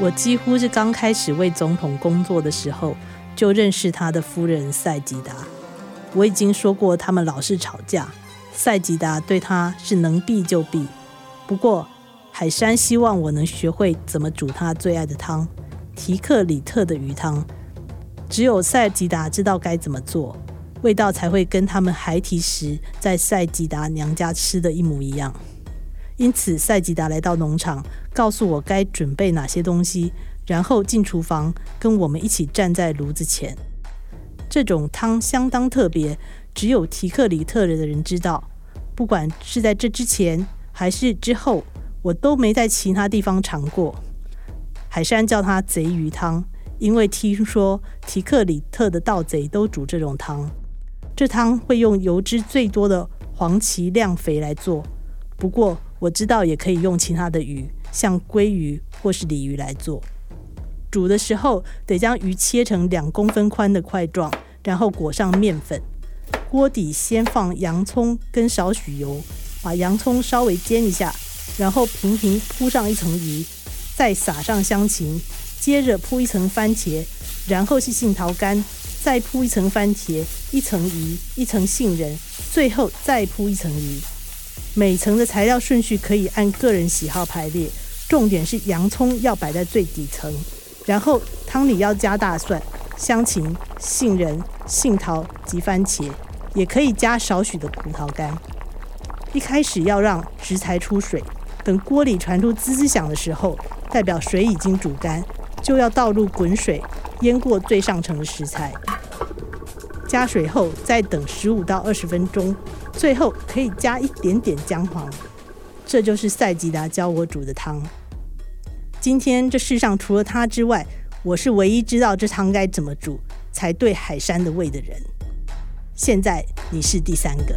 我幾乎是剛開始為總統工作的時候就認識他的夫人塞吉達。我已經說過，他們老是吵架。塞吉達對他是能避就避。不過海山希望我能學會怎麼煮他最愛的湯——提克里特的魚湯。只有塞吉達知道該怎麼做，味道才會跟他們孩提時在塞吉達娘家吃的一模一樣。因此，賽吉達來到農場，告訴我該準備哪些東西，然後進廚房，跟我們一起站在爐子前。這種湯相當特別，只有提克里特的人知道。不管是在這之前還是之後，我都沒在其他地方嘗過。海山叫它“賊魚湯”，因為聽說提克里特的盜賊都煮這種湯。這湯會用油脂最多的黃鰭亮肥來做，不過，我知道也可以用其他的魚，像鮭魚或是鯉魚來做。煮的時候得將魚切成兩公分寬的塊狀，然後裹上麵粉。鍋底先放洋蔥跟少許油，把洋蔥稍微煎一下，然後平平鋪上一層魚，再撒上香芹，接着鋪一層番茄，然後是杏桃乾，再鋪一層番茄，一層魚，一層杏仁，最後再鋪一層魚。每層的材料順序可以按個人喜好排列，重點是洋蔥要擺在最底層，然後湯裡要加大蒜、香芹、杏仁、杏桃及番茄，也可以加少許的葡萄乾。一開始要讓食材出水，等鍋裡傳出滋滋響，響的時候，代表水已經煮乾，就要倒入滾水淹過最上層的食材。加水後，再等十五到二十分鐘，最後可以加一點點薑黃。這就是賽吉達教我煮的湯。今天這世上除了他之外，我是唯一知道這湯該怎麼煮才對海山的胃的人。現在你是第三個。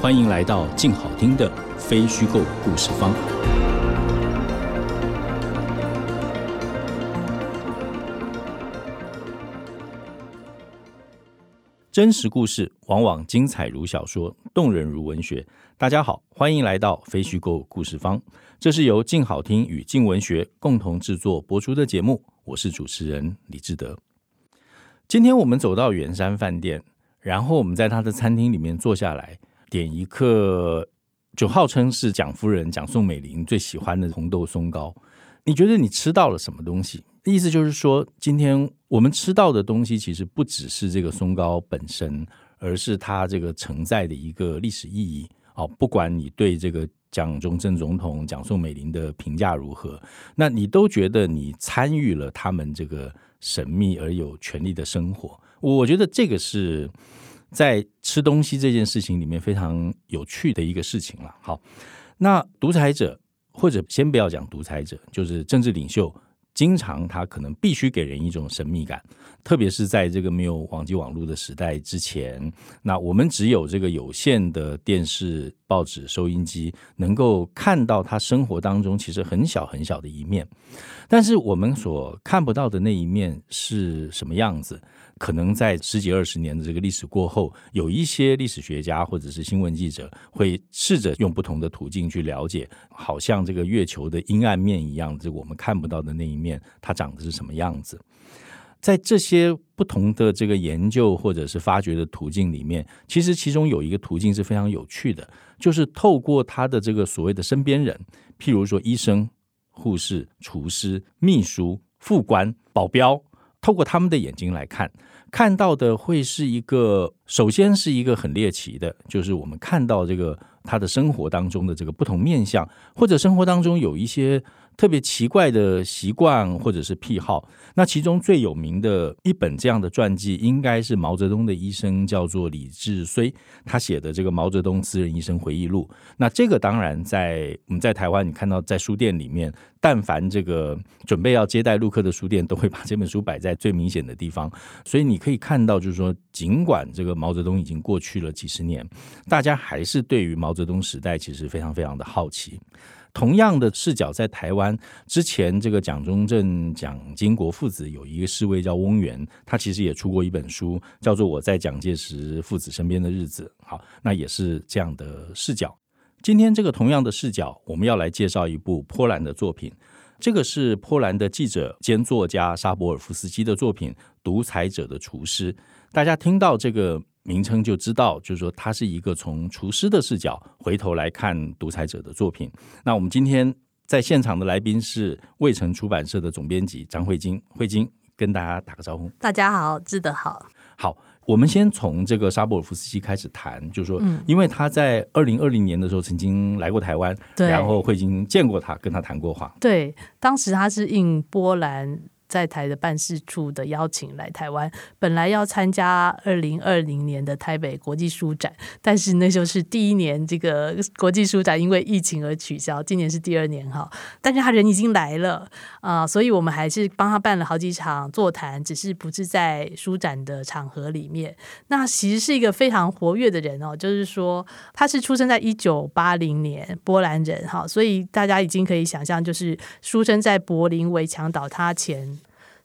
歡迎來到鏡好聽的非虛構故事坊。真實故事往往精彩如小說，動人如文學。大家好，歡迎來到非虛構故事坊。這是由鏡好聽與鏡文學共同制作播出的節目。我是主持人李志德。今天我們走到圓山飯店，然後我們在他的餐廳裡面坐下來。點一個，就號稱是蔣夫人、蔣宋美齡最喜歡的紅豆鬆糕，你覺得你吃到了什麼東西？意思就是說，今天我們吃到的東西，其實不只是這個鬆糕本身，而是它這個承載的一個歷史意義。哦，不管你對這個蔣中正總統、蔣宋美齡的評價如何，那你都覺得你參與了他們這個神秘而有權力的生活。我覺得這個是。在吃東西這件事情裡面，非常有趣的一個事情了。好，那獨裁者或者先不要講獨裁者，就是政治領袖，經常他可能必須給人一種神秘感，特別是在這個沒有網際網路的時代之前，那我們只有這個有限的電視、報紙、收音機，能夠看到他生活當中其實很小很小的一面，但是我們所看不到的那一面是什麼樣子？可能在十幾二十年的這個歷史過後，有一些歷史學家或者是新聞記者會試着用不同的途徑去了解，好像這個月球的陰暗面一樣，這個我們看不到的那一面，它長的是什麼樣子？在這些不同的這個研究或者是發掘的途徑裡面，其實其中有一個途徑是非常有趣的，就是透過他的這個所謂的身邊人，譬如說醫生、護士、廚師、秘書、副官、保鏢，透過他們的眼睛來看。看到的會是一個，首先是一個很獵奇的，就是我們看到這個他的生活當中的這個不同面向，或者生活當中有一些。特別奇怪的習慣或者是癖好，那其中最有名的一本這樣的傳記，應該是毛澤東的醫生叫做李志綏，他寫的這個毛澤東私人醫生回憶錄。那這個當然在我們在台灣，你看到在書店裡面，但凡這個準備要接待陸客的書店，都會把這本書擺在最明顯的地方。所以你可以看到，就是說，儘管這個毛澤東已經過去了幾十年，大家還是對於毛澤東時代其實非常非常的好奇。同樣的視角在台灣之前，這個蔣中正、蔣經國父子有一個侍衛叫翁元，他其實也出過一本書，叫做《我在蔣介石父子身邊的日子》。好，那也是這樣的視角。今天這個同樣的視角，我們要來介紹一部波蘭的作品，這個是波蘭的記者兼作家沙博爾夫斯基的作品《獨裁者的廚師》。大家聽到這個。名稱就知道，就是說他是一個從廚師的視角回頭來看獨裁者的作品。那我們今天在現場的來賓是衛城出版社的總編輯張惠菁，惠菁跟大家打個招呼。大家好，志德好。好，我們先從這個沙波爾夫斯基開始談，就是說，因為他在二零二零年的時候曾經來過台灣，嗯、然後惠菁見過他，跟他談過話。對，當時他是應波蘭。在台的辦事處的邀請來台灣，本來要參加二零二零年的台北國際書展，但是那就是第一年這個國際書展因為疫情而取消，今年是第二年哈，但是他人已經來了啊、呃，所以我們還是幫他辦了好幾場座談，只是不是在書展的場合裡面。那其實是一個非常活躍的人哦，就是說他是出生在一九八零年波蘭人哈，所以大家已經可以想象，就是出生在柏林圍牆倒塌前。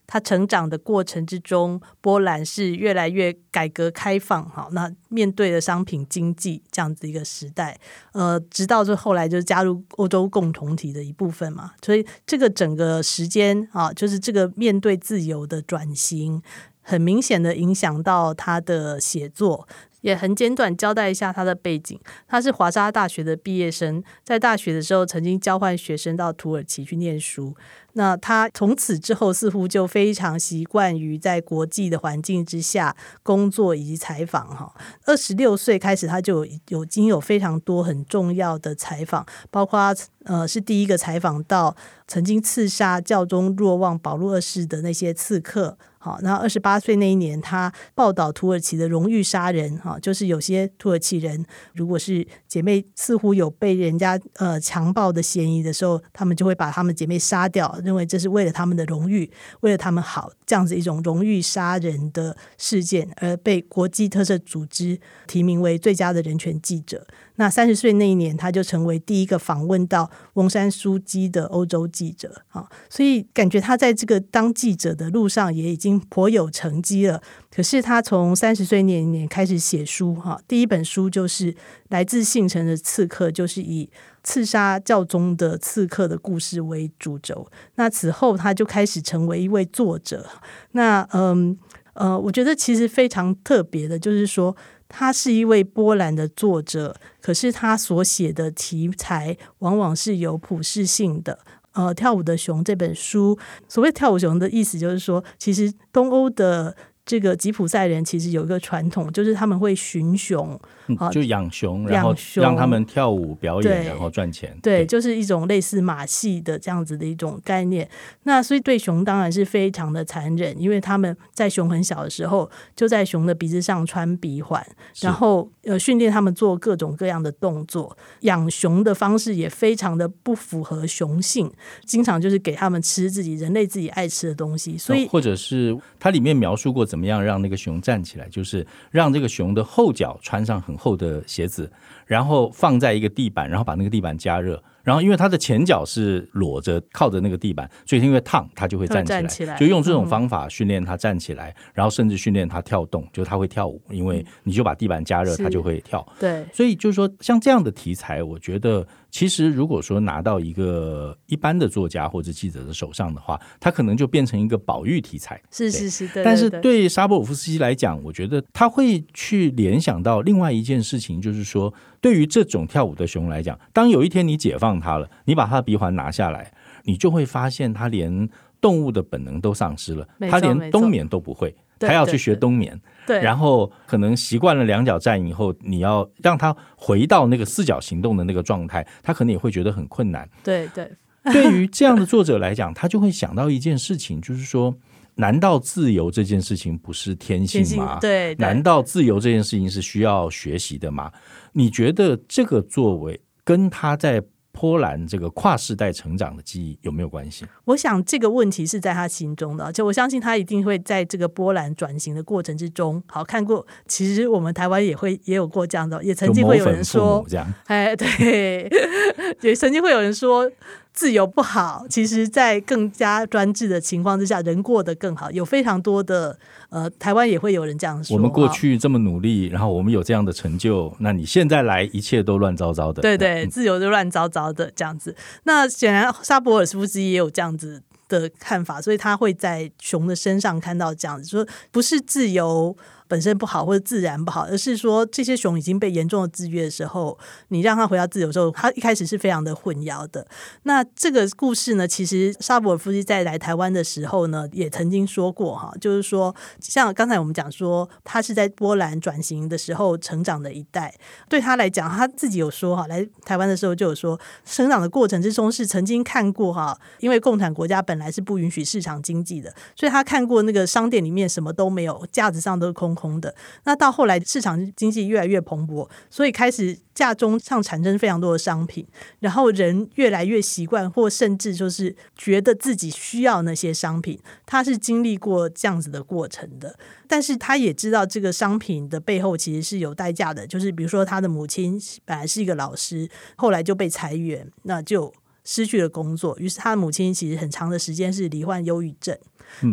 他成長的過程之中，波蘭是越來越改革開放，哈，那面對了商品經濟這樣子一個時代，呃，直到這後來就是加入歐洲共同體的一部分嘛，所以這個整個時間啊，就是這個面對自由的轉型，很明顯的影響到他的寫作。也很簡短交代一下他的背景，他是華沙大學的畢業生，在大學的時候曾經交換學生到土耳其去念書。那他從此之後似乎就非常習慣於在國際的環境之下工作以及採訪哈。二十六歲開始，他就有已經有非常多很重要的採訪，包括呃是第一個採訪到曾經刺殺教宗若望保祿二世的那些刺客。好，那二十八歲那一年，他報道土耳其的榮譽殺人哈，就是有些土耳其人如果是姐妹似乎有被人家呃強暴的嫌疑的時候，他們就會把他們姐妹殺掉。認為這是為了他們的榮譽，為了他們好，這樣子一種榮譽殺人的事件，而被國際特赦組織提名為最佳的人權記者。那三十歲那一年，他就成為第一個訪問到翁山蘇姬的歐洲記者啊，所以感覺他在這個當記者的路上也已經頗有成績了。可是他從三十歲那一年開始寫書哈，第一本書就是《來自杏城的刺客》，就是以。刺殺教宗的刺客的故事為主軸，那此後他就開始成為一位作者。那嗯呃，我覺得其實非常特別的，就是說他是一位波蘭的作者，可是他所寫的題材往往是有普世性的。呃，《跳舞的熊》這本書，所謂跳舞熊的意思，就是說，其實東歐的這個吉普賽人其實有一個傳統，就是他們會馴熊。嗯，就養熊，然後讓他們跳舞表演，然後賺錢。對，對，就是一種類似馬戲的這樣子的一種概念。那所以對熊當然是非常的殘忍，因為他們在熊很小的時候就在熊的鼻子上穿鼻環，然後呃訓練他們做各種各樣的動作。養熊的方式也非常的不符合熊性，經常就是給他們吃自己人類自己愛吃的東西。所以或者是它裡面描述過怎麼樣讓那個熊站起來，就是讓這個熊的後腳穿上很。厚的鞋子，然後放在一個地板，然後把那個地板加熱，然後因為他的前腳是裸着靠着那個地板，所以因為燙他就會站起來，起來就用這種方法訓練他站起來，嗯、然後甚至訓練他跳動，就他會跳舞，因為你就把地板加熱，他、嗯、就會跳。對，所以就是說像這樣的題材，我覺得。其實，如果說拿到一個一般的作家或者記者的手上的話，他可能就變成一個保育題材。對。是是是，對對對。但是對沙波爾夫斯基來講，我覺得他會去聯想到另外一件事情，就是說，對於這種跳舞的熊來講，當有一天你解放它了，你把它的鼻環拿下來，你就會發現它連動物的本能都喪失了，它，沒錯，連冬眠都不會。還要去學冬眠，對對對對，然後可能習慣了兩腳站以後，你要讓他回到那個四腳行動的那個狀態，他可能也會覺得很困難。對對，對於這樣的作者來講， 他就會想到一件事情，就是說，難道自由這件事情不是天性嗎？天性，對對，難道自由這件事情是需要學習的嗎？你覺得這個作為跟他在。波蘭這個跨世代成長的記憶有沒有關係？我想這個問題是在他心中的，而且我相信他一定會在這個波蘭轉型的過程之中，好看過。其實我們台灣也會也有過這樣的，也曾經會有人說這樣，哎，對， 也曾經會有人說。自由不好，其實，在更加專制的情況之下，人過得更好。有非常多的，呃，台灣也會有人這樣說。我們過去這麼努力，然後我們有這樣的成就，那你現在來，一切都亂糟糟的。對對，嗯、自由就亂糟糟的這樣子。那顯然沙博爾夫斯基也有這樣子的看法，所以他會在熊的身上看到這樣子，說不是自由本身不好，或者自然不好，而是說這些熊已經被嚴重的制約的時候，你讓它回到自由之後，它一開始是非常的混淆的。那這個故事呢，其實沙博爾夫妻在來台灣的時候呢，也曾經說過哈、啊，就是說像剛才我們講說，他是在波蘭轉型的時候成長的一代，對他來講，他自己有說哈，來台灣的時候就有說，成長的過程之中是曾經看過哈、啊，因為共產國家本來是不允許市場經濟的，所以他看過那個商店裡面什麼都沒有，架子上都是空空的。那到後來市場經濟越來越蓬勃，所以開始價中上產生非常多的商品，然後人越來越習慣，或甚至就是覺得自己需要那些商品，他是經歷過這樣子的過程的，但是他也知道這個商品的背後其實是有代價的，就是比如說他的母親本來是一個老師，後來就被裁員，那就失去了工作，於是他的母親其實很長的時間是罹患憂鬱症，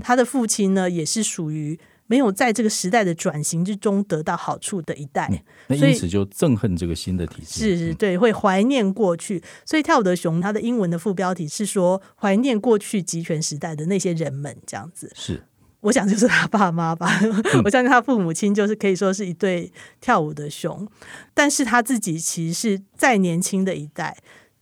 他的父親呢也是屬於。沒有在這個時代的轉型之中得到好處的一代，那因此就憎恨這個新的體制。是是，對，會懷念過去。所以跳舞的熊，它的英文的副標題是說懷念過去極權時代的那些人們，這樣子。是，我想就是他爸媽吧。 我相信他父母親就是可以說是一對跳舞的熊，但是他自己其實是再年輕的一代。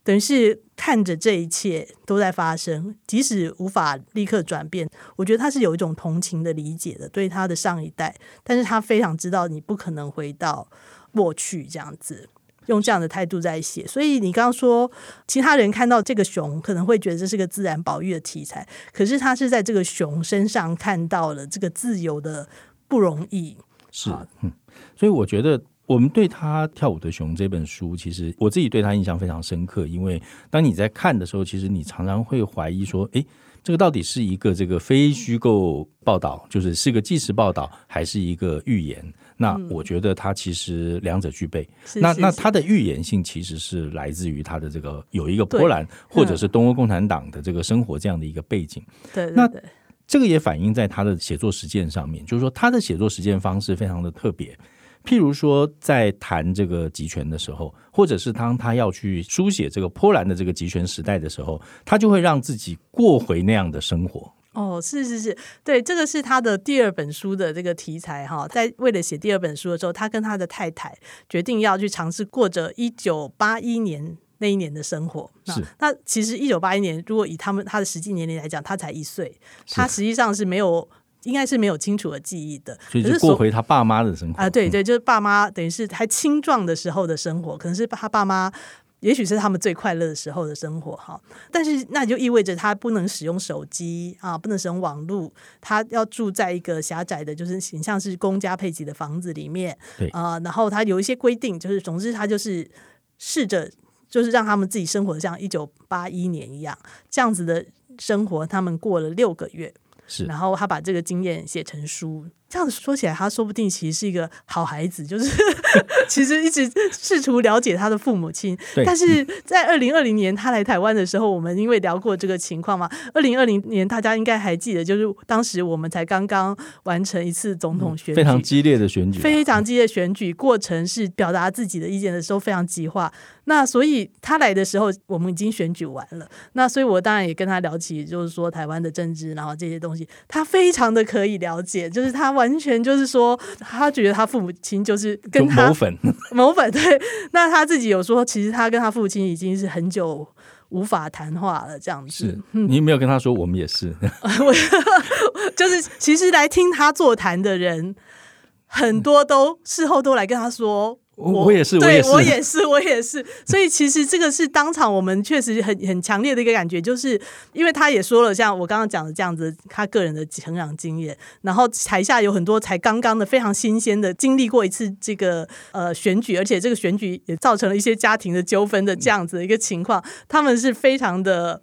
等於是看着這一切都在發生，即使無法立刻轉變，我覺得他是有一種同情的理解的，對他的上一代，但是他非常知道你不可能回到過去這樣子，用這樣的態度在寫。所以你剛剛說其他人看到這個熊，可能會覺得這是個自然保育的題材，可是他是在這個熊身上看到了這個自由的不容易。是，啊、嗯，所以我覺得。我們對他《跳舞的熊》這本書，其實我自己對他印象非常深刻，因為當你在看的時候，其實你常常會懷疑說：“誒，這個到底是一個這個非虛構報道，就是是一個紀實報道，還是一個寓言？”那我覺得它其實兩者具備。那那它的寓言性其實是來自於它的這個有一個波蘭或者是東歐共產黨的這個生活這樣的一個背景。對，那這個也反映在他的寫作實踐上面，就是說他的寫作實踐方式非常的特別。譬如說，在談這個極權的時候，或者是當他要去書寫這個波蘭的這個極權時代的時候，他就會讓自己過回那樣的生活。哦，是是是，對，這個是他的第二本書的這個題材哈。在為了寫第二本書的時候，他跟他的太太決定要去嘗試過着一九八一年那一年的生活。是那其實一九八一年，如果以他們他的實際年齡來講，他才一歲，他實際上是沒有。應該是沒有清楚的記憶的，是所所以就是過回他爸媽的生活啊，對對，就是爸媽，等於是還青壯的時候的生活，嗯、可能是他爸媽，也許是他們最快樂的時候的生活哈。但是那就意味着他不能使用手機啊，不能使用網絡，他要住在一個狹窄的，就是很像是公家配給的房子裡面，啊對、呃，然後他有一些規定，就是總之他就是試着就是讓他們自己生活像一九八一年一樣這樣子的生活，他們過了六個月。是，然後他把這個經驗寫成書。這樣子說起來，他說不定其實是一個好孩子，就是 其實一直試圖了解他的父母親。 但是在二零二零年他來台灣的時候，我們因為聊過這個情況嘛。二零二零年大家應該還記得，就是當時我們才剛剛完成一次總統選舉，嗯、非常激烈的選舉，非常激烈的選舉，啊、過程是表達自己的意見的時候非常激化。那所以他來的時候，我們已經選舉完了。那所以我當然也跟他聊起，就是說台灣的政治，然後這些東西，他非常的可以了解，就是他。完全就是說，他覺得他父母親就是跟他某粉某粉，對。那他自己有說，其實他跟他父親已經是很久無法談話了，這樣子。是你沒有跟他說，嗯、我們也是。 就是其實來聽他座談的人，很多都事後都來跟他說。我，對我也是，對我也是，我也是，我也是。所以其實這個是當場我們確實很很強烈的一個感覺，就是因為他也說了，像我剛剛講的這樣子，他個人的成長經驗，然後台下有很多才剛剛的非常新鮮的經歷過一次這個呃選舉，而且這個選舉也造成了一些家庭的糾紛的這樣子的一個情況，嗯、他們是非常的。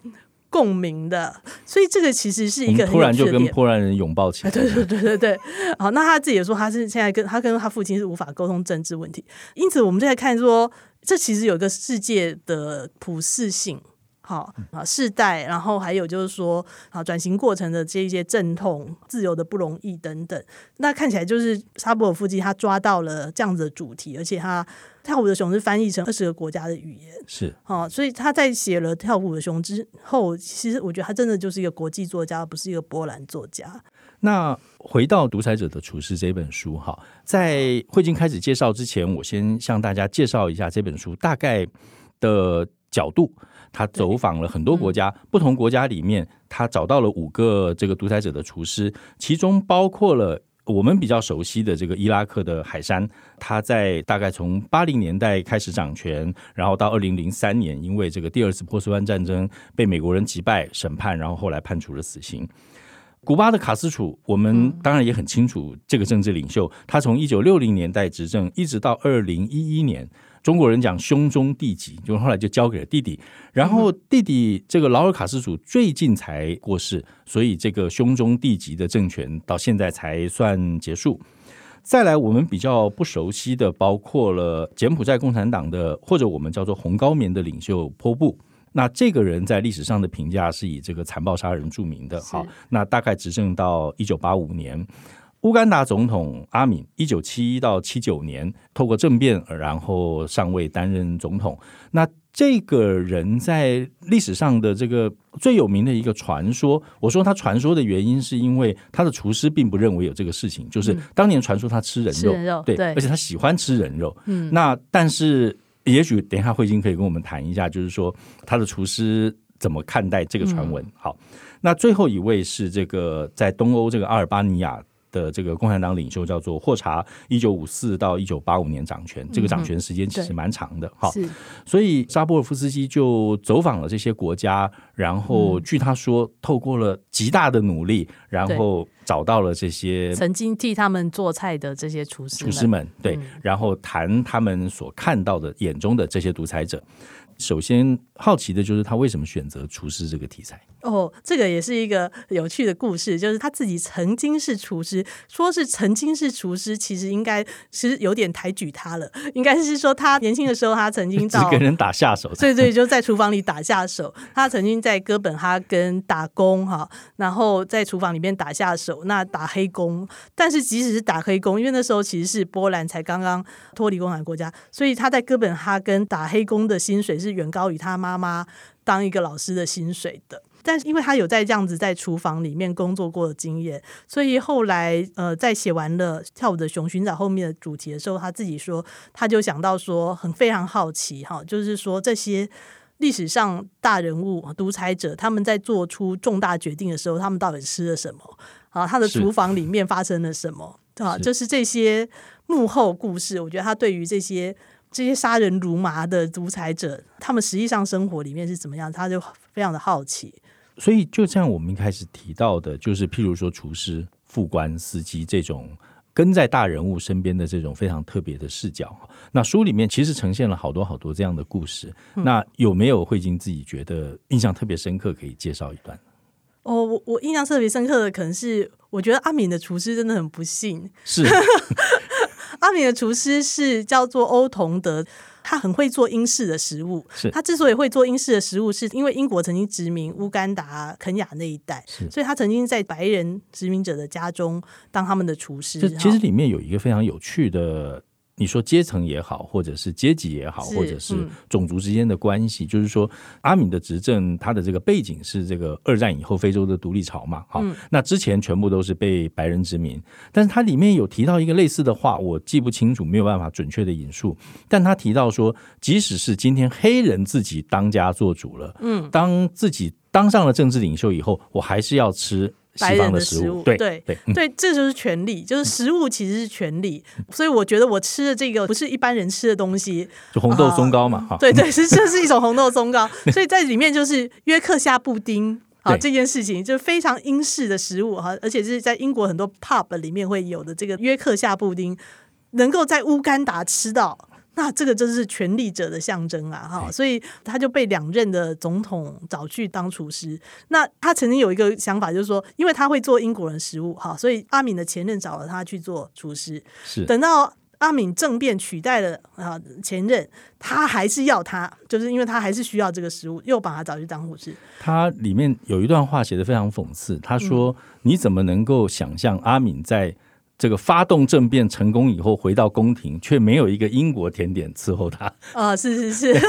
共鳴的，所以這個其實是一個。突然就跟波蘭人擁抱起來。對 對對對對，好，那他自己也說，他是現在跟他跟他父親是無法溝通政治問題，因此我們現在看說，這其實有個世界的普適性。好啊、哦，世代，然後還有就是說，啊、哦，轉型過程的這一些陣痛、自由的不容易等等，那看起來就是沙博爾夫斯基，他抓到了這樣子的主題，而且他《跳舞的熊》是翻譯成二十個國家的語言，是好、哦，所以他在寫了《跳舞的熊》之後，其實我覺得他真的就是一個國際作家，而不是一個波蘭作家。那回到《獨裁者的廚師》這本書，哈，在會議開始介紹之前，我先向大家介紹一下這本書大概的。角度，他走訪了很多國家，不同國家裡面，他找到了五個這個獨裁者的廚師，其中包括了我們比較熟悉的這個伊拉克的海珊，他在大概從八零年代開始掌權，然後到二零零三年，因為這個第二次波斯灣戰爭被美國人擊敗審判，然後後來判處了死刑。古巴的卡斯楚，我們當然也很清楚這個政治領袖，他從一九六零年代執政一直到二零一一年。中國人講“兄終弟及”，就後來就交給了弟弟，然後弟弟這個勞爾卡斯楚最近才過世，所以這個“兄終弟及”的政權到現在才算結束。再來，我們比較不熟悉的，包括了柬埔寨共產黨的，或者我們叫做紅高棉的領袖波布。那這個人在歷史上的評價是以這個殘暴殺人著名的。是好，那大概執政到一九八五年。烏干達總統阿敏，一九七一到七九年，透過政變，然後上位擔任總統。那這個人在歷史上的這個最有名的一個傳說，我說他傳說的原因，是因為他的廚師並不認為有這個事情，就是當年傳說他吃人肉，嗯、吃人肉，對，對，而且他喜歡吃人肉。嗯，那但是也許等一下慧晶可以跟我們談一下，就是說他的廚師怎麼看待這個傳聞。好，那最後一位是這個在東歐這個阿爾巴尼亞。的這個共產黨領袖叫做霍查，一九五四到一九八五年掌權，這個掌權時間其實蠻長的哈。所以沙波爾夫斯基就走訪了這些國家，然後據他說，嗯、透過了極大的努力，然後找到了這些曾經替他們做菜的這些廚師們廚師們，對，然後談他們所看到的、眼中的這些獨裁者。嗯嗯首先好奇的就是他為什麼選擇廚師這個題材？哦，oh, 這個也是一個有趣的故事，就是他自己曾經是廚師，說是曾經是廚師，其實應該是有點抬舉他了，應該是說他年輕的時候他曾經一 個人打下手，對，對對，就在廚房裡打下手。他曾經在哥本哈根打工哈，然後在廚房裡面打下手，那打黑工。但是即使是打黑工，因為那時候其實是波蘭才剛剛脫離共產國家，所以他在哥本哈根打黑工的薪水是是遠高於他媽媽當一個老師的薪水的，但是因為他有在這樣子在廚房裡面工作過的經驗，所以後來呃，在寫完了《跳舞的熊》尋找後面的主題的時候，他自己說他就想到說很非常好奇哈、哦，就是說這些歷史上大人物、獨裁者他們在做出重大決定的時候，他們到底吃了什麼啊？他的廚房裡面發生了什麼是啊？就是這些幕後故事，我覺得他對於這些。這些殺人如麻的獨裁者，他們實際上生活裡面是怎麼樣？他就非常的好奇。所以，就像我們一開始提到的，就是譬如說廚師、副官、司機這種跟在大人物身邊的這種非常特別的視角。那書裡面其實呈現了好多好多這樣的故事。嗯、那有沒有慧經自己覺得印象特別深刻？可以介紹一段？哦，我我印象特別深刻的可能是，我覺得阿敏的廚師真的很不幸。是。 阿米的廚師是叫做歐同德，他很會做英式的食物。是他之所以會做英式的食物，是因為英國曾經殖民烏干達、肯雅那一帶，是所以他曾經在白人殖民者的家中當他們的廚師。其實裡面有一個非常有趣的。嗯你說階層也好，或者是階級也好，嗯、或者是種族之間的關係，就是說阿敏的執政，他的這個背景是這個二戰以後非洲的獨立潮嘛，哈，嗯、那之前全部都是被白人殖民，但是他裡面有提到一個類似的話，我記不清楚，沒有辦法準確的引述，但他提到說，即使是今天黑人自己當家做主了，嗯，當自己當上了政治領袖以後，我還是要吃。白人的食物，食物對對對，、嗯、對，這就是權力，就是食物其實是權力，嗯、所以我覺得我吃的這個不是一般人吃的東西，就、嗯呃、紅豆鬆糕嘛，哈，對對，是、嗯、這是一種紅豆鬆糕， 所以在裡面就是約克夏布丁，啊，對這件事情就是非常英式的食物哈，而且是在英國很多 pub 裡面會有的這個約克夏布丁，能夠在烏干達吃到。那這個就是權力者的象徵啊！哈，所以他就被兩任的總統找去當廚師。那他曾經有一個想法，就是說，因為他會做英國人食物，哈，所以阿敏的前任找了他去做廚師。是。等到阿敏政變取代了啊前任，他還是要他，就是因為他還是需要這個食物，又把他找去當廚師。他裡面有一段話寫得非常諷刺，他說：“你怎麼能夠想象阿敏在？”這個發動政變成功以後，回到宮廷，卻沒有一個英國甜點伺候他。啊、哦，是是是。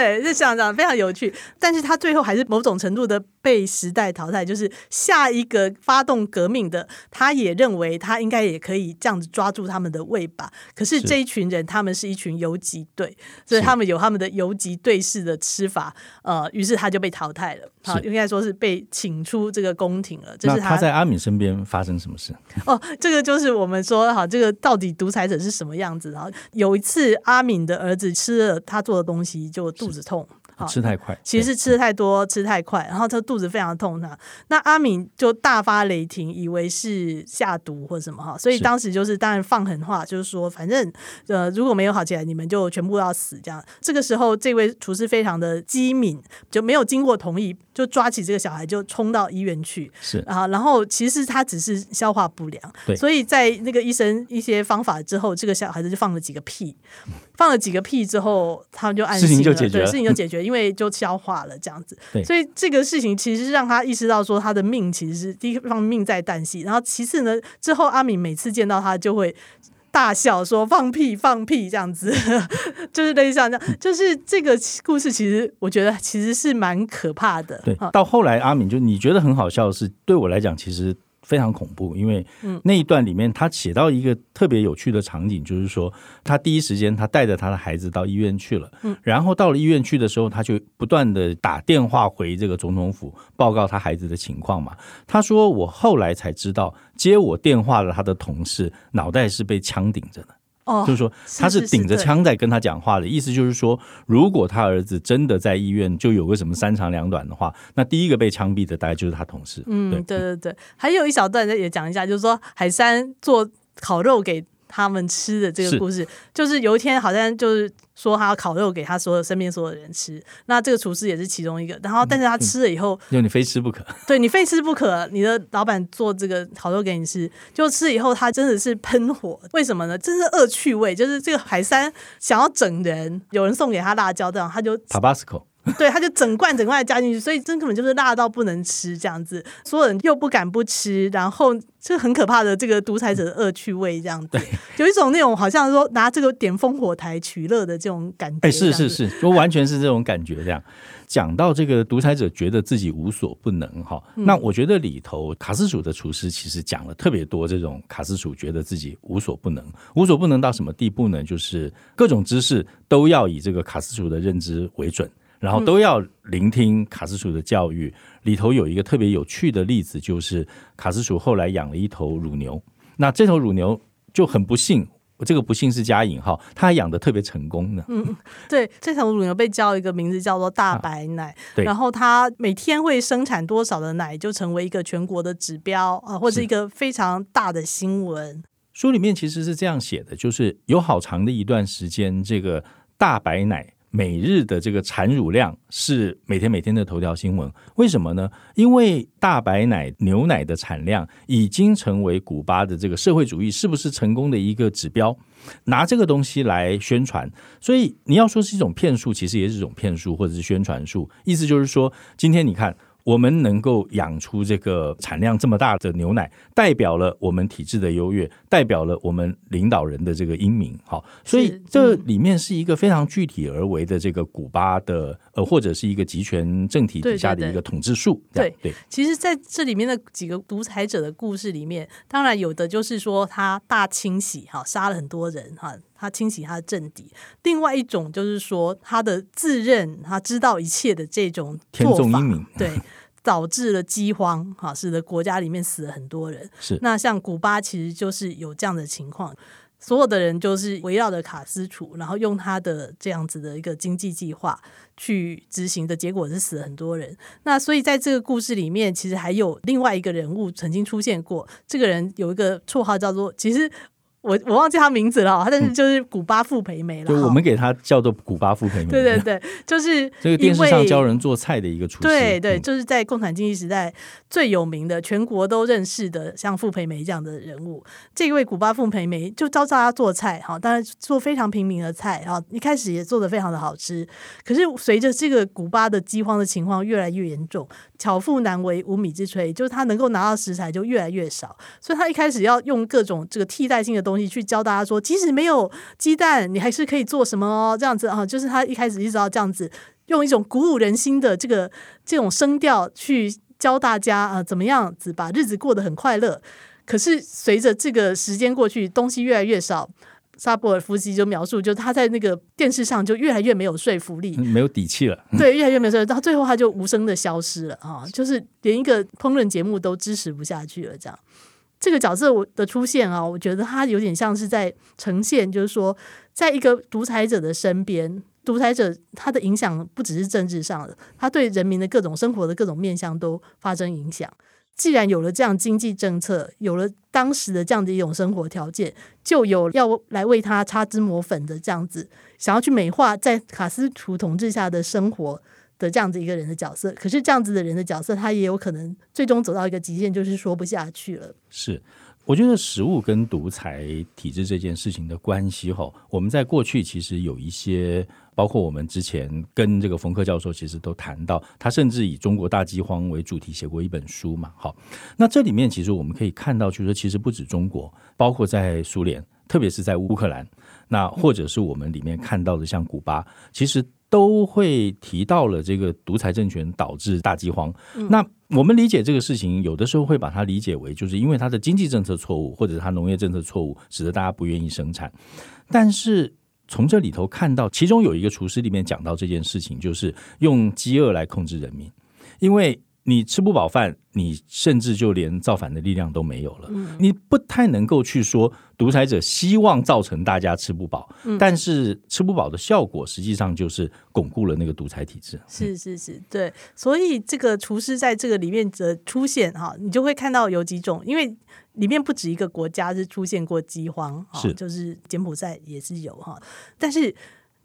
對，就這樣，這樣非常有趣，但是他最後還是某種程度的被時代淘汰。就是下一個發動革命的，他也認為他應該也可以這樣子抓住他們的胃吧。可是這一群人，他們是一群游擊隊，所以他們有他們的游擊隊式的吃法。是呃，於是他就被淘汰了。是好，應該說是被請出這個宮廷了。這、就是他，那他在阿敏身邊發生什麼事？哦，這個就是我們說哈，這個到底獨裁者是什麼樣子？然後有一次，阿敏的兒子吃了他做的東西就肚。肚子痛。好吃太快，其實是吃的太多，嗯、吃太快，然後他肚子非常痛他。那那阿敏就大發雷霆，以為是下毒或者什麼哈，所以當時就是當然放狠話，就是說反正呃如果沒有好起來，你們就全部要死這樣。這個時候，這位廚師非常的機敏，就沒有經過同意就抓起這個小孩就衝到醫院去。是啊，然後其實他只是消化不良。對所以在那個醫生一些方法之後，這個小孩子就放了幾個屁，放了幾個屁之後，他們就安心了。事情就解決了。 因為就消化了這樣子，對所以這個事情其實是讓他意識到說他的命其實是第一個方命在旦夕，然後其次呢，之後阿敏每次見到他就會大笑說放屁放屁這樣子， 就是類似像這樣，就是這個故事其實我覺得其實是蠻可怕的。對，嗯、到後來阿敏就你覺得很好笑的是，對我來講其實。非常恐怖，因為那一段裡面他寫到一個特別有趣的場景，就是說他第一時間他帶着他的孩子到醫院去了，然後到了醫院去的時候，他就不斷的打電話回這個總統府報告他孩子的情況嘛。他說我後來才知道接我電話的他的同事腦袋是被槍頂着的。就是說，他是頂着槍在跟他講話的、哦、是是是意思，就是說，如果他兒子真的在醫院就有個什麼三長兩短的話，嗯、那第一個被槍斃的大概就是他同事。對，嗯，對對對，還有一小段也講一下，就是說，海山做烤肉給。他們吃的這個故事，是就是有一天好像就是說他要烤肉給他所有身邊所有人吃，那這個廚師也是其中一個。然後但是他吃了以後，就、嗯嗯、你非吃不可。對，你非吃不可，你的老闆做這個烤肉給你吃，就吃了以後他真的是噴火，為什麼呢？真是惡趣味，就是這個海山想要整人，有人送給他辣椒這樣他就。Tabasco。 對，他就整罐整罐的加進去，所以這根本就是辣到不能吃這樣子。所有人又不敢不吃，然後這很可怕的這個獨裁者的惡趣味這樣子，有對一種那種好像說拿這個點烽火台取樂的這種感覺。哎、欸，是是是，就完全是這種感覺。這樣講、嗯、到這個獨裁者覺得自己無所不能哈，嗯、那我覺得裡頭卡斯楚的廚師其實講了特別多，這種卡斯楚覺得自己無所不能，無所不能到什麼地步呢？嗯、就是各種知識都要以這個卡斯楚的認知為準。然後都要聆聽卡斯楚的教育，裡頭有一個特別有趣的例子，就是卡斯楚後來養了一頭乳牛，那這頭乳牛就很不幸，這個不幸是加引號，它還養得特別成功呢。嗯，對，這頭乳牛被叫一個名字叫做“大白奶”，啊、然後它每天會生產多少的奶，就成為一個全國的指標啊，或者一個非常大的新聞、嗯。書裡面其實是這樣寫的，就是有好長的一段時間，這個“大白奶”。每日的這個產乳量是每天每天的頭條新聞，為什麼呢？因為大白奶牛奶的產量已經成為古巴的這個社會主義是不是成功的一個指標，拿這個東西來宣傳，所以你要說是一種騙術，其實也是一種騙術或者是宣傳術，意思就是說，今天你看。我們能夠養出這個產量這麼大的牛奶，代表了我們體制的優越，代表了我們領導人的這個英明。好，所以這裡面是一個非常具體而為的這個古巴的，呃，或者是一個集權政體底下的一個統治術。對，對對，對其實在這裡面的幾個獨裁者的故事裡面，當然有的就是說他大清洗，哈，殺了很多人，哈，他清洗他的政敵；另外一種就是說他的自認他知道一切的這種天縱英明，對。導致了饑荒，哈，使得國家裡面死了很多人。是那像古巴，其實就是有這樣的情況，所有的人就是圍繞着卡斯楚，然後用他的這樣子的一個經濟計劃去執行的結果是死了很多人。那所以在這個故事裡面，其實還有另外一個人物曾經出現過，這個人有一個綽號叫做，其實。我我忘記他名字了，但是就是古巴傅培梅了，嗯。我們給他叫做古巴傅培梅。對對對，就是這個電視上教人做菜的一個廚師。對，對對，就是在共產經濟時代最有名的，全國都認識的，像傅培梅這樣的人物。嗯、這位古巴傅培梅就教大家做菜哈，當然做非常平民的菜啊。一開始也做得非常的好吃，可是隨着這個古巴的饑荒的情況越來越嚴重，巧婦難為無米之炊，就是他能夠拿到食材就越來越少，所以他一開始要用各種這個替代性的東東西去教大家說，即使沒有雞蛋，你還是可以做什麼哦？這樣子啊，就是他一開始一直到這樣子，用一種鼓舞人心的這個這種聲調去教大家啊，怎麼樣子把日子過得很快樂。可是隨着這個時間過去，東西越來越少，沙布爾夫斯基就描述，就他在那個電視上就越來越沒有說服力，沒有底氣了。嗯、對，越來越沒有說服力，到最後他就無聲的消失了啊，就是連一個烹飪節目都支持不下去了，這樣。這個角色我的出現啊，我覺得他有點像是在呈現，就是說，在一個獨裁者的身邊，獨裁者他的影響不只是政治上的，他對人民的各種生活的各種面向都發生影響。既然有了這樣經濟政策，有了當時的這樣的一種生活條件，就有要來為他擦脂抹粉的這樣子，想要去美化在卡斯圖統治下的生活。的這樣子一個人的角色，可是這樣子的人的角色，他也有可能最終走到一個極限，就是說不下去了。是，我覺得食物跟獨裁體制這件事情的關係哈，我們在過去其實有一些，包括我們之前跟這個馮克教授其實都談到，他甚至以中國大飢荒為主題寫過一本書嘛。好，那這裡面其實我們可以看到，就是說其實不止中國，包括在蘇聯，特別是在烏克蘭，那或者是我們裡面看到的像古巴，嗯、其實。都會提到了這個獨裁政權導致大饑荒，那我們理解這個事情，有的時候會把它理解為，就是因為它的經濟政策錯誤，或者是它農業政策錯誤，使得大家不願意生產。但是從這裡頭看到，其中有一個廚師裡面講到這件事情，就是用饑餓來控制人民，因為。你吃不飽飯，你甚至就連造反的力量都沒有了。嗯，你不太能夠去說獨裁者希望造成大家吃不飽，嗯，但是吃不飽的效果實際上就是鞏固了那個獨裁體制。是是是，對。所以這個廚師在這個裡面的出現，哈，你就會看到有幾種，因為裡面不止一個國家是出現過饑荒，哈，是，就是柬埔寨也是有哈，但是。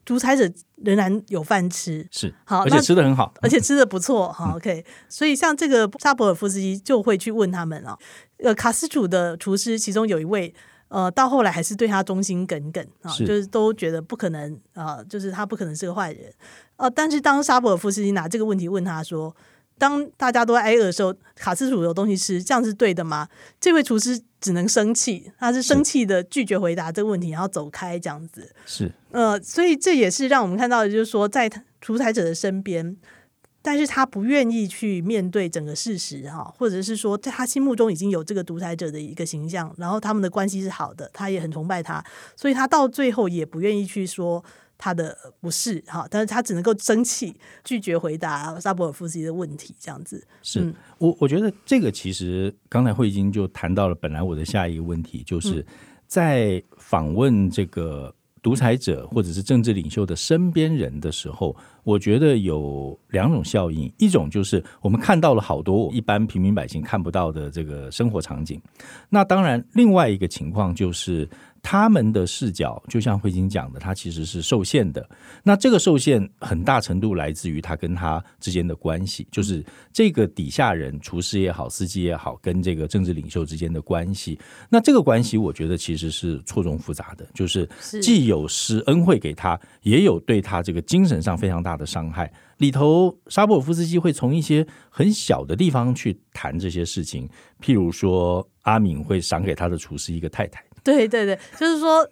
獨裁者仍然有飯吃，是好，而且吃得很好，而且吃得不錯， 好 OK。所以像這個沙博爾夫斯基就會去問他們啊、哦，呃，卡斯楚的廚師其中有一位，呃，到後來還是對他忠心耿耿啊，哦、是就是都覺得不可能啊、呃，就是他不可能是個壞人。呃，但是當沙博爾夫斯基拿這個問題問他說。當大家都挨餓的時候，卡斯楚有東西吃，這樣是對的嗎？這位廚師只能生氣，他是生氣的拒絕回答這個問題，是然後走開這樣子。是，呃，所以這也是讓我們看到的就是說，在獨裁者的身邊，但是他不願意去面對整個事實哈，或者是說，在他心目中已經有這個獨裁者的一個形象，然後他們的關係是好的，他也很崇拜他，所以他到最後也不願意去說。他的不是哈，但是他只能夠生氣，拒絕回答沙博爾夫斯基的問題，這樣子。是、嗯、我我覺得這個其實剛才慧晶就談到了，本來我的下一個問題就是在訪問這個獨裁者或者是政治領袖的身邊人的時候，我覺得有兩種效應，一種就是我們看到了好多一般平民百姓看不到的這個生活場景，那當然另外一個情況就是。他們的視角就像慧晶講的，他其實是受限的。那這個受限很大程度來自於他跟他之間的關係，就是這個底下人，廚師也好，司機也好，跟這個政治領袖之間的關係。那這個關係，我覺得其實是錯綜複雜的，就是既有施恩惠給他，也有對他這個精神上非常大的傷害。裡頭，沙博爾夫斯基會從一些很小的地方去談這些事情，譬如說，阿敏會賞給他的廚師一個太太。對對對，就是說，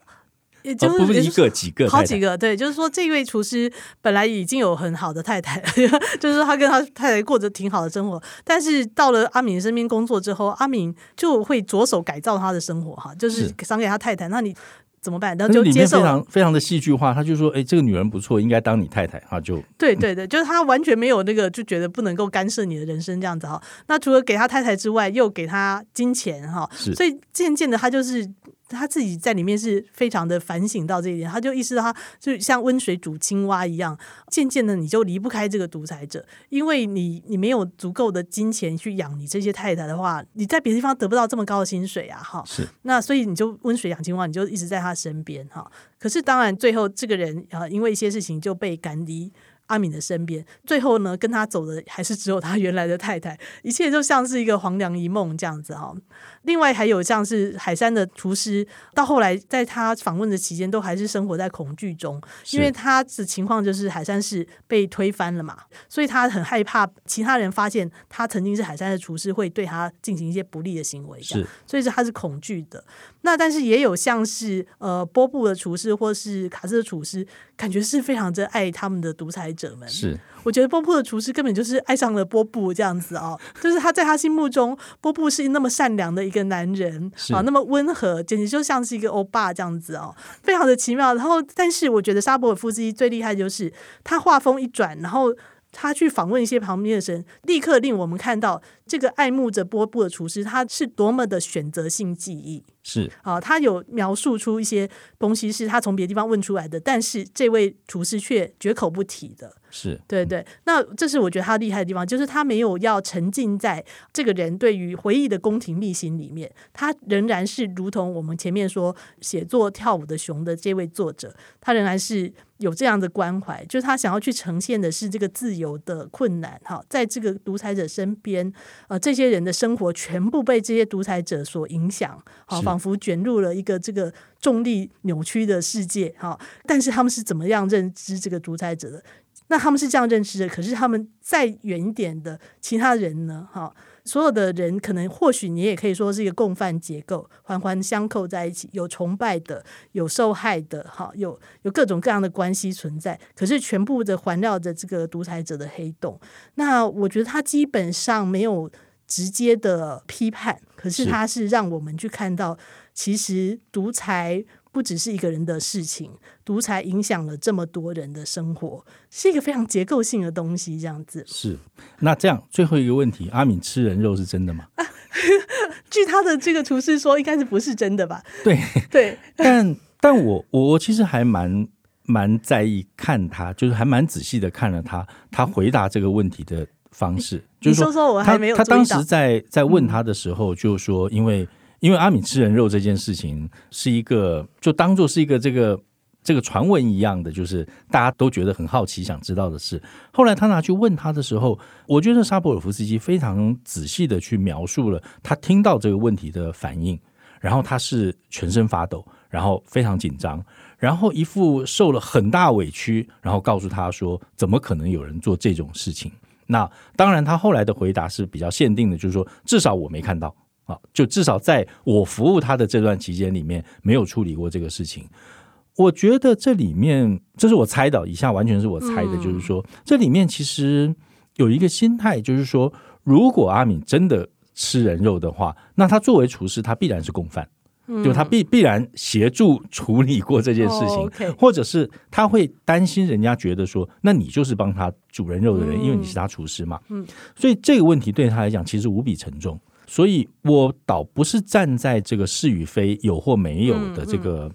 也就是，哦，是一個是幾個太太，好幾個。對，就是說，這位廚師本來已經有很好的太太， 就是說他跟他太太過着挺好的生活。但是到了阿敏身邊工作之後，阿敏就會着手改造他的生活，哈，就是賞給他太太。那你怎麼辦？然後就接受。非常非常的戲劇化，他就說：“哎，這個女人不錯，應該當你太太。”就，他就對對對，就是他完全沒有那個就覺得不能夠干涉你的人生這樣子哈。那除了給他太太之外，又給他金錢哈，是。所以漸漸的他就是。他自己在裡面是非常的反省到這一點，他就意識到他就像溫水煮青蛙一樣，漸漸的你就離不開這個獨裁者，因為你你沒有足夠的金錢去養你這些太太的話，你在別的地方得不到這麼高的薪水啊，哈。是。那所以你就溫水養青蛙，你就一直在他身邊哈。可是當然最後這個人啊，因為一些事情就被趕離阿敏的身邊，最後呢，跟他走的還是只有他原來的太太，一切就像是一個黃粱一夢這樣子哈、喔。另外還有像是海山的廚師，到後來在他訪問的期間，都還是生活在恐懼中，因為他的情況就是海山是被推翻了嘛，是所以他很害怕其他人發現他曾經是海山的廚師，會對他進行一些不利的行為，是，所以說他是恐懼的。那但是也有像是呃波布的廚師或是卡斯的廚師，感覺是非常的愛他們的獨裁者們。是，我覺得波布的廚師根本就是愛上了波布這樣子哦，就是他在他心目中 波布是那麼善良的一個男人是啊，那麼溫和，簡直就像是一個歐巴這樣子哦，非常的奇妙。然後，但是我覺得沙博爾夫斯基最厲害就是他畫風一轉，然後。他去訪問一些旁邊的人，立刻令我們看到這個愛慕着波布的廚師，他是多麼的選擇性記憶。是啊，他有描述出一些東西是他從別的地方問出來的，但是這位廚師卻絕口不提的。是，對，對對。那這是我覺得他厲害的地方，就是他沒有要沉浸在這個人對於回憶的宮廷秘辛裡面，他仍然是如同我們前面說寫作跳舞的熊的這位作者，他仍然是。有這樣的關懷，就是他想要去呈現的是這個自由的困難哈，在這個獨裁者身邊，呃，這些人的生活全部被這些獨裁者所影響，好，仿佛卷入了一個這個重力扭曲的世界哈。但是他們是怎麼樣認知這個獨裁者的？那他們是這樣認知的，可是他們再遠一點的其他人呢？哈、哦？所有的人可能，或許你也可以說是一個共犯結構，環環相扣在一起，有崇拜的，有受害的，哈，有有各種各樣的關係存在。可是全部的環繞着這個獨裁者的黑洞。那我覺得他基本上沒有直接的批判，可是他是讓我們去看到，其實獨裁。不只是一個人的事情，獨裁影響了這麼多人的生活，是一個非常結構性的東西。這樣子。是，那這樣，最後一個問題：阿敏吃人肉是真的嗎？啊、據他的這個廚師說，應該是不是真的吧？對對，對但但我我其實還蠻蠻在意看他，就是還蠻仔細的看了他他回答這個問題的方式，嗯、就是說，說說我還沒有他，他當時在在問他的時候，就是說因為。因為阿米吃人肉這件事情是一個，就當做是一個這個這個傳聞一樣的，就是大家都覺得很好奇，想知道的事。後來他拿去問他的時候，我覺得沙博爾夫斯基非常仔細地去描述了他聽到這個問題的反應，然後他是全身發抖，然後非常緊張，然後一副受了很大委屈，然後告訴他說：“怎麼可能有人做這種事情？”那當然，他後來的回答是比較限定的，就是說：“至少我沒看到。”啊，就至少在我服務他的這段期間裡面，沒有處理過這個事情。我覺得這裡面，這是我猜的，哦，以下完全是我猜的，就是說這裡面其實有一個心態，就是說，如果阿敏真的吃人肉的話，那他作為廚師，他必然是共犯，就他必必然協助處理過這件事情，或者是他會擔心人家覺得說，那你就是幫他煮人肉的人，因為你是他廚師嘛。嗯，所以這個問題對他來講，其實無比沉重。所以，我倒不是站在這個是與非、有或沒有的這個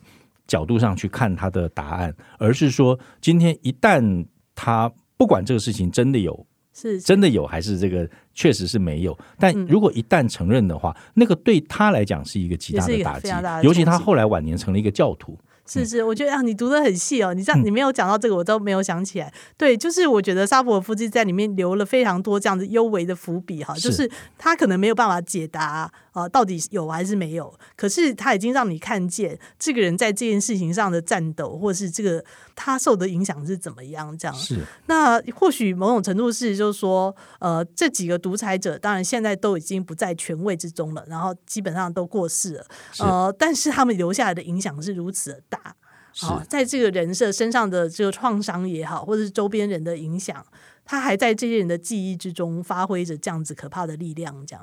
角度上去看他的答案，而是說，今天一旦他不管這個事情真的有是真的有，還是這個確實是沒有，但如果一旦承認的話，那個對他來講是一個極大的打擊，尤其他後來晚年成了一個教徒。是是，我覺得啊，你讀得很細哦。你這樣，你沒有講到這個，嗯、我都沒有想起來。對，就是我覺得沙博夫斯基在裡面留了非常多這樣子幽微的伏筆哈，是就是他可能沒有辦法解答啊、呃，到底有還是沒有？可是他已經讓你看見這個人在這件事情上的戰鬥，或者是這個他受的影響是怎麼樣這樣。是，那或許某種程度是，就是說，呃，這幾個獨裁者，當然現在都已經不在權位之中了，然後基本上都過世了，是呃，但是他們留下來的影響是如此大。啊是、哦，在這個人設身上的這個創傷也好，或者是周邊人的影響，他還在這些人的記憶之中發揮着這樣子可怕的力量。這樣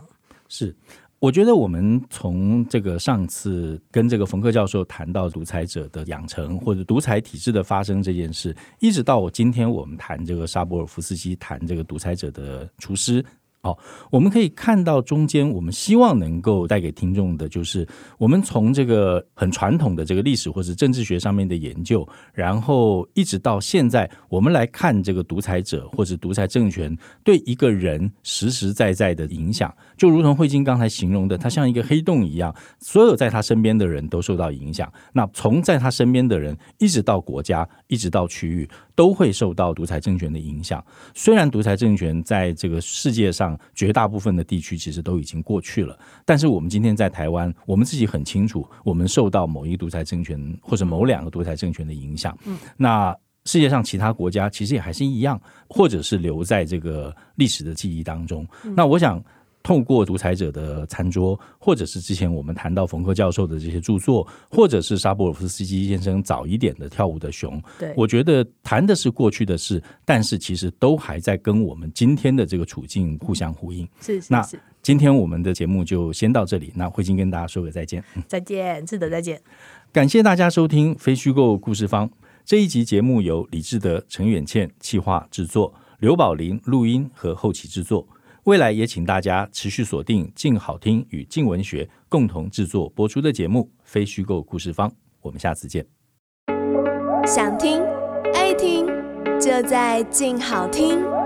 是，我覺得我們從這個上次跟這個馮克教授談到獨裁者的養成或者獨裁體制的發生這件事，一直到我今天我們談這個沙博爾夫斯基，談這個獨裁者的廚師。好，我們可以看到中間，我們希望能夠帶給聽眾的，就是我們從這個很傳統的這個歷史或者政治學上面的研究，然後一直到現在，我們來看這個獨裁者或者獨裁政權對一個人實實在在的影響，就如同慧晶剛才形容的，他像一個黑洞一樣，所有在他身邊的人都受到影響。那從在他身邊的人，一直到國家，一直到區域，都會受到獨裁政權的影響。雖然獨裁政權在這個世界上絕大部分的地區其實都已經過去了，但是我們今天在台灣，我們自己很清楚，我們受到某一個獨裁政權或者某兩個獨裁政權的影響。嗯，那世界上其他國家其實也還是一樣，或者是留在這個歷史的記憶當中。嗯，那我想。透過獨裁者的餐桌，或者是之前我們談到馮克教授的這些著作，或者是沙博爾夫斯基先生早一點的《跳舞的熊》對，我覺得談的是過去的事，但是其實都還在跟我們今天的這個處境互相呼應。是，那今天我們的節目就先到這裡，那慧晶跟大家說個再見，嗯、再見，志德再見，感謝大家收聽《非虛構故事坊》這一集節目，由李志德、陳遠倩企劃製作，劉寶林錄音和後期製作。未來也請大家持續鎖定靜好聽與靜文學共同制作播出的節目《非虛構故事坊》，我們下次見。想聽愛聽，就在靜好聽。